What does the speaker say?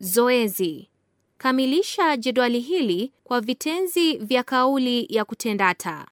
Zoezi: kamilisha jedwali hili kwa vitenzi vya kauli ya kutendata.